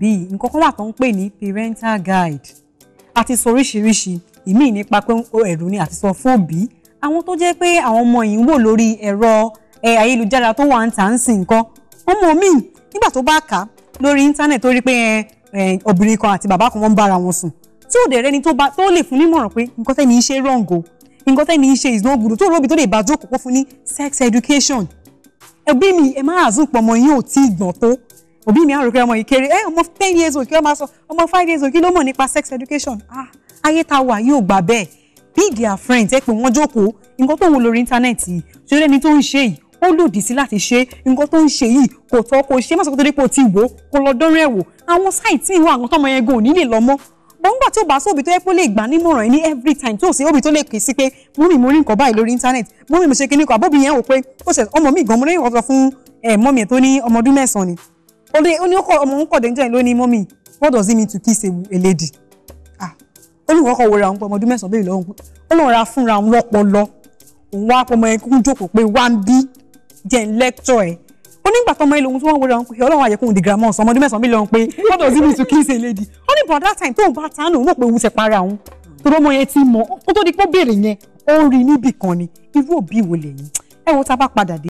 òbí yìí nǹkan kan wà tó ń pè ní parental guide àti sọ oríṣiríṣi ìmíì nípa pé ẹ̀rù ni àti sọ fún òbí àwọn tó jẹ́ pé àwọn ọmọ yìí ń wò lórí ẹ̀rọ eh, ayélujára tó wà ń tà ń sìn nǹkan ọmọ mi nígbà tó bá kà á lórí íńtánẹ̀tì tó rí pé eh, eh, obìnrin kan àti bàbá kan wọ́n ń bára wọn sùn tí ò dẹ̀ rẹ́ni tó lè fún nímọ̀ràn pé nǹkan tẹ́ni í ṣe rọ̀ǹgò nǹkan tẹ́ni í ṣe is no good tó rọ́bì tó lè bá jókòó fún ní sex education ẹbí mi ẹ má àzùn pọ̀ ọmọ yín ò tí ì gbọ̀n tó òbí mi á rò pé ọmọ ìkéré ẹ eh, ọmọ ten years old kí ló máa sọ ọmọ five years old kí ló mọ̀ nípa sex education ah ayé tá a wà yóò gbà bẹ́ẹ̀ be their friends ẹ pé wọ́n jókòó nǹkan tó ń wo lórí íńtánẹ́ẹ̀tì yìí ṣé ẹni tó ń ṣe yìí ó lòdì sí láti ṣe nǹkan tó ń ṣe yìí kò tọ́ kò ṣe má torí pé o ti wò ó kò lọ dọ́rẹ́ wò àwọn sáìtì ìwọ àwọn tọmọ yẹn gan ò lè lọ mọ́ bọ́ngbà tí ó bá sóbi tó yẹ kó lè gbà nímọ̀ràn yìí ní every time tó sì òbí tó lè pè sí pé mọ́mì mo rí nǹkan báyìí lórí internet mọ́mì mo ṣe kíní kan àbóbi yẹn wò pé ó ṣe ọmọ mi gan mo lẹ́yìn ọ̀sọ̀ fún mọ́mì ẹ̀ tó ní ọmọ ọdún mẹ́sàn-án ni ó ní ọmọ ń kọ̀ déńjẹ́ ló ní mọ́mì what does it mean to kiss a, a lady olùwọ́ kọ̀ wọra òun pé ọmọ ọdún mẹ́sàn-án bẹ́ẹ̀ lọ́hùn ó lóun ra fúnra òun lọ́pọlọ òun wá pọmọ ẹ kún jókòó pé wá ń bí jẹ́ ń lẹ́tọ̀ ẹ̀ ó nígbà tọmọ ilé ohun tí wọ́n wọra òun pé ọlọ́run àyẹ̀kùn the grammar ọmọ ọdún mẹ́sàn-án bẹ́ẹ̀ lọ́hùn pé what does it mean to kiss a lady ó ní bọ̀dá time tóun bá tánù òun mọ̀ pé òun ti para òun tó lọ́mọ yẹn ti mọ̀ ó tó di pé ó béèrè yẹn ó rí níbì kan ni irú òbí wo lẹ́yìn ẹ wo tá a bá padà dé